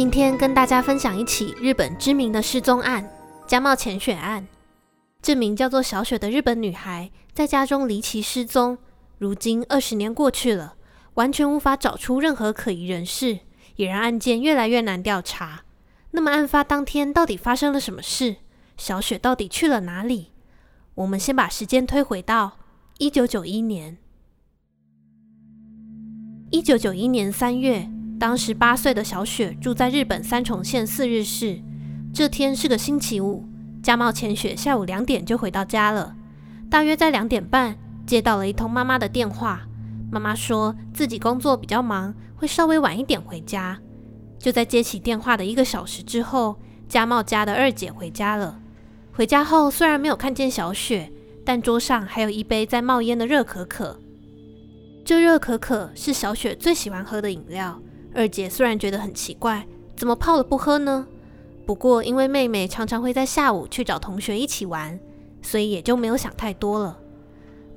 今天跟大家分享一起日本知名的失蹤案——加茂前雪案。這名叫做小雪的日本女孩在家中離奇失蹤，如今二十年過去了，完全無法找出任何可疑人士，也讓案件越來越難調查。那麼，案發當天到底發生了什麼事？小雪到底去了哪裡？我們先把時間推回到一九九一年。一九九一年三月。當時八歲的小雪住在日本三重縣四日市。這天是個星期五，加茂前雪下午兩點就回到家了。大約在兩點半，接到了一通媽媽的電話。媽媽說自己工作比較忙，會稍微晚一點回家。就在接起電話的一個小時之後，加茂家的二姐回家了。回家後雖然沒有看見小雪，但桌上還有一杯在冒煙的熱可可。這熱可可是小雪最喜歡喝的飲料。二姐雖然覺得很奇怪，怎麼泡了不喝呢？不過因為妹妹常常會在下午去找同學一起玩，所以也就沒有想太多了。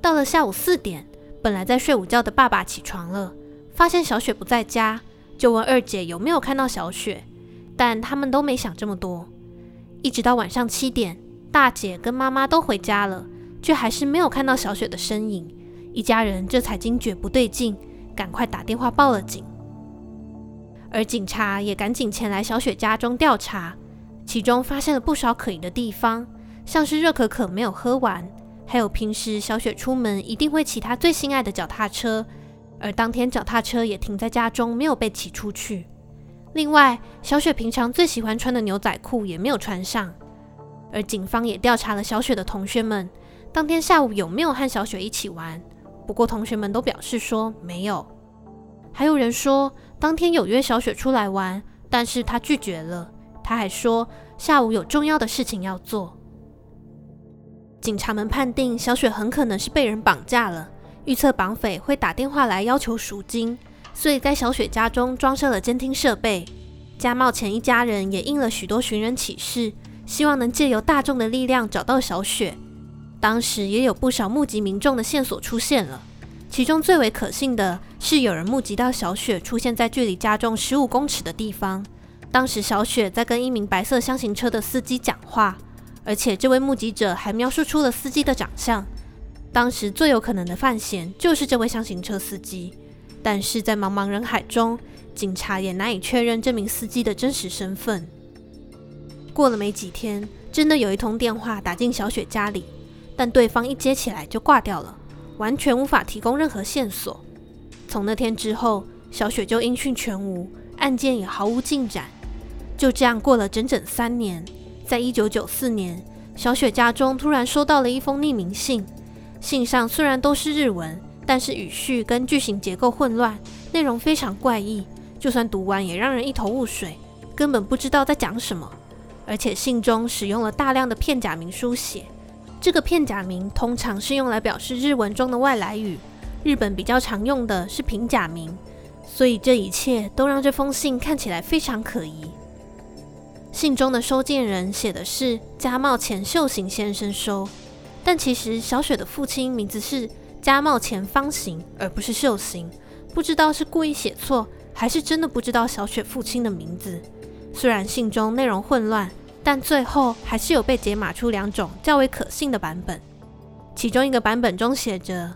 到了下午四點，本來在睡午覺的爸爸起床了，發現小雪不在家，就問二姐有沒有看到小雪，但他們都沒想這麼多。一直到晚上七點，大姐跟媽媽都回家了，卻還是沒有看到小雪的身影，一家人這才驚覺不對勁，趕快打電話報了警。而警察也趕緊前來小雪家中調查，其中發現了不少可疑的地方，像是熱可可沒有喝完，還有平時小雪出門一定會騎她最心愛的腳踏車，而當天腳踏車也停在家中沒有被騎出去。另外，小雪平常最喜歡穿的牛仔褲也沒有穿上。而警方也調查了小雪的同學們，當天下午有沒有和小雪一起玩？不過同學們都表示說沒有，還有人說。當天有約小雪出來玩，但是她拒絕了。她還說下午有重要的事情要做。警察們判定小雪很可能是被人綁架了，預測綁匪會打電話來要求贖金，所以在小雪家中裝設了監聽設備。加茂前一家人也印了許多尋人啟事，希望能借由大眾的力量找到小雪。當時也有不少目擊民眾的線索出現了。其中最為可信的是，有人目擊到小雪出現在距離家中十五公尺的地方。當時小雪在跟一名白色廂型車的司機講話，而且這位目擊者還描述出了司機的長相。當時最有可能的犯嫌就是這位廂型車司機，但是在茫茫人海中，警察也難以確認這名司機的真實身份。過了沒幾天，真的有一通電話打進小雪家裡，但對方一接起來就掛掉了。完全無法提供任何線索。從那天之後，小雪就音訊全無，案件也毫無進展。就這樣過了整整三年，在一九九四年，小雪家中突然收到了一封匿名信。信上雖然都是日文，但是語序跟句型結構混亂，內容非常怪異，就算讀完也讓人一頭霧水，根本不知道在講什麼。而且信中使用了大量的片假名書寫。這個片假名通常是用來表示日文中的外來語，日本比較常用的是平假名，所以這一切都讓這封信看起來非常可疑。信中的收件人寫的是加茂前秀行先生收，但其實小雪的父親名字是加茂前方行，而不是秀行。不知道是故意寫錯，還是真的不知道小雪父親的名字。雖然信中內容混亂。但最後還是有被解碼出兩種較為可信的版本，其中一個版本中寫着：“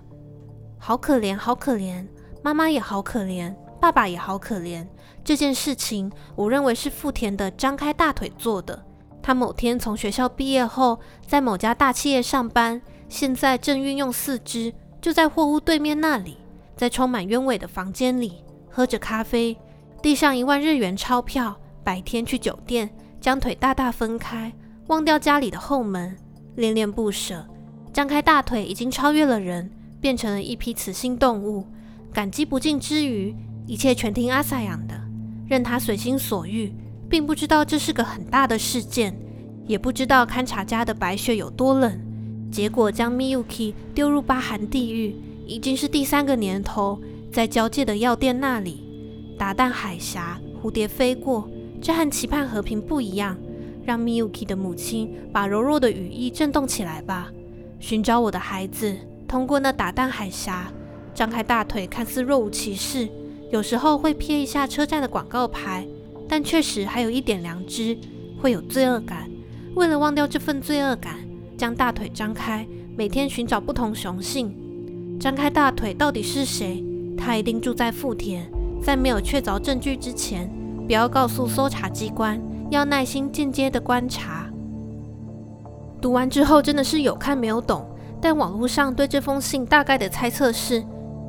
好可憐，好可憐，媽媽也好可憐，爸爸也好可憐。”這件事情，我認為是富田的張開大腿做的。他某天從學校畢業後，在某家大企業上班，現在正運用四肢，就在貨物對面那裡，在充滿鳶尾的房間裡喝着咖啡，遞上一萬日元鈔票。白天去酒店。將腿大大分開，忘掉家裡的後門，戀戀不捨。張開大腿已經超越了人，變成了一批雌性動物。感激不盡之餘，一切全聽阿薩養的，任他隨心所欲，並不知道這是個很大的事件，也不知道勘察家的白雪有多冷。結果將咪 uki 丟入巴寒地獄，已經是第三個年頭。在交界的藥店那裡，達旦海峽，蝴蝶飛過。這和期盼和平不一樣。讓 Miyuki 的母親把柔弱的羽翼震動起來吧。尋找我的孩子，通過那打蛋海峽，張開大腿，看似若無其事。有時候會瞥一下車站的廣告牌，但確實還有一點良知，會有罪惡感。為了忘掉這份罪惡感，將大腿張開，每天尋找不同雄性。張開大腿到底是誰？他一定住在富田。在沒有確鑿證據之前。不要告訴搜查機關，要耐心間接的觀察。讀完之後真的是有看沒有懂，但網絡上對這封信大概的猜測是，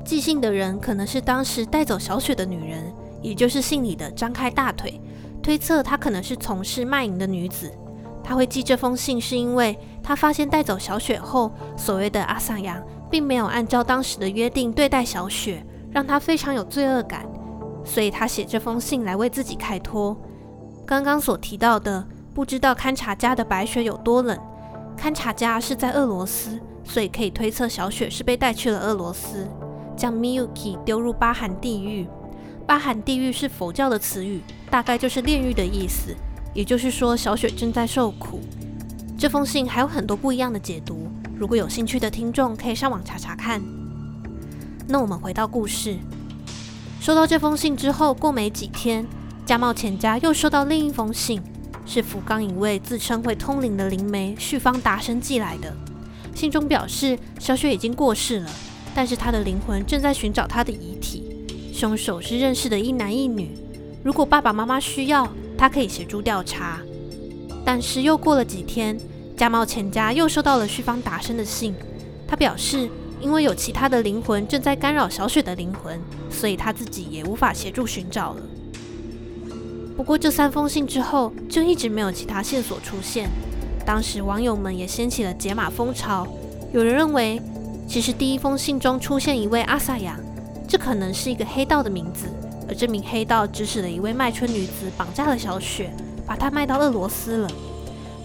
寄信的人可能是當時帶走小雪的女人，也就是信裡的張開大腿。推測她可能是從事賣淫的女子，她會寄這封信是因為她發現帶走小雪後，所謂的阿薩洋並沒有按照當時的約定對待小雪，讓她非常有罪惡感。所以他寫這封信來為自己開脫。剛剛所提到的，不知道堪察加的白雪有多冷。堪察加是在俄羅斯，所以可以推測小雪是被帶去了俄羅斯，將 Miyuki 丟入八寒地獄。八寒地獄是佛教的詞語，大概就是煉獄的意思。也就是說，小雪正在受苦。這封信還有很多不一樣的解讀，如果有興趣的聽眾可以上網查查看。那我們回到故事。收到這封信之後，過沒幾天，加茂前家又收到另一封信，是福岡一位自稱會通靈的靈媒旭方達生寄來的。信中表示，小雪已經過世了，但是她的靈魂正在尋找她的遺體。兇手是認識的一男一女，如果爸爸媽媽需要，他可以協助調查。但是又過了幾天，加茂前家又收到了旭方達生的信，他表示，因為有其他的靈魂正在干擾小雪的靈魂，所以她自己也無法協助尋找了。不過，這三封信之後就一直沒有其他線索出現。當時網友們也掀起了解碼風潮，有人認為，其實第一封信中出現一位阿薩雅，這可能是一個黑道的名字，而這名黑道指使了一位賣春女子綁架了小雪，把她賣到俄羅斯了。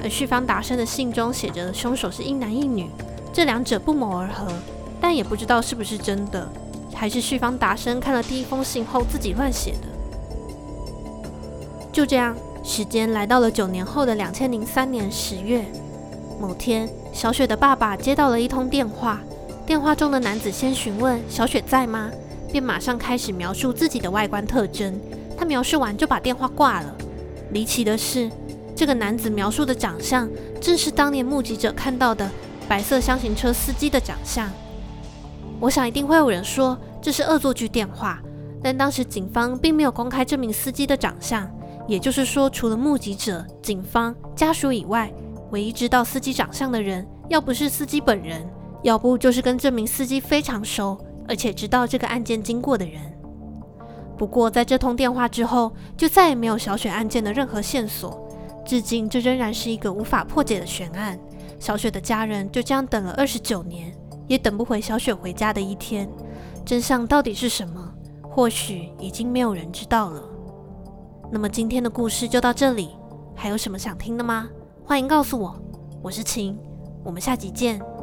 而旭方達生的信中寫着凶手是一男一女，這兩者不謀而合。但也不知道是不是真的，還是旭方達生看了第一封信後自己亂寫的。就這樣，時間來到了九年後的兩千零三年十月某天，小雪的爸爸接到了一通電話。電話中的男子先詢問小雪在嗎，便馬上開始描述自己的外觀特徵。他描述完就把電話掛了。離奇的是，這個男子描述的長相正是當年目擊者看到的白色箱型車司機的長相。我想一定會有人說，這是惡作劇電話，但當時警方並沒有公開這名司機的長相，也就是說，除了目擊者、警方、家屬以外，唯一知道司機長相的人，要不是司機本人，要不就是跟這名司機非常熟，而且知道這個案件經過的人。不過在這通電話之後，就再也沒有小雪案件的任何線索，至今這仍然是一個無法破解的懸案。小雪的家人就這樣等了二十九年。也等不回小雪回家的一天，真相到底是什麼？或許已經沒有人知道了。那麼今天的故事就到這裡，還有什麼想聽的嗎？歡迎告訴我，我是晴，我們下集見。